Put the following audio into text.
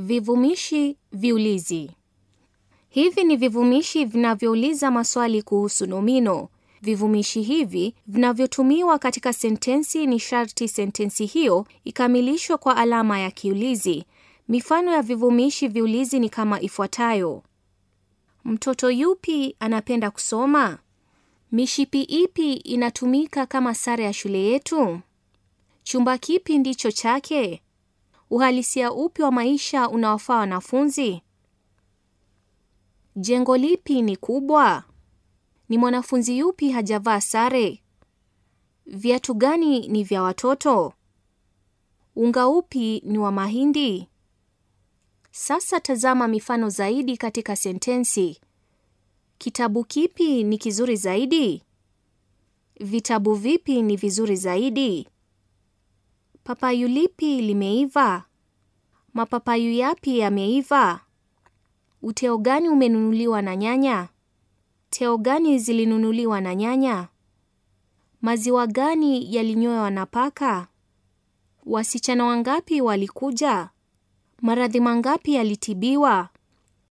Vivumishi viulizi. Hivi ni vivumishi vinavyouliza maswali kuhusu nomino. Vivumishi hivi vinavyotumiwa katika sentensi ni sharti sentensi hiyo ikamilishwe kwa alama ya kiulizi. Mifano ya vivumishi viulizi ni kama ifuatayo: mtoto yupi anapenda kusoma? Mishipi ipi inatumika kama sare ya shule yetu? Chumba kipi ndicho chake? uhalisia upi wa maisha unawafaa wanafunzi? Jengo lipi ni kubwa? Ni mwanafunzi yupi hajavaa sare? Viatu gani ni vya watoto? Unga upi ni wa mahindi? Sasa tazama mifano zaidi katika sentensi. Kitabu kipi ni kizuri zaidi? Vitabu vipi ni vizuri zaidi? Papayu lipi limeiva? Mapapayu yapi yameiva? Uteo gani umenunuliwa na nyanya? Teo gani zilinunuliwa na nyanya? Maziwa gani yalinywewa na paka? Wasichana wangapi walikuja? Maradhi mangapi yalitibiwa?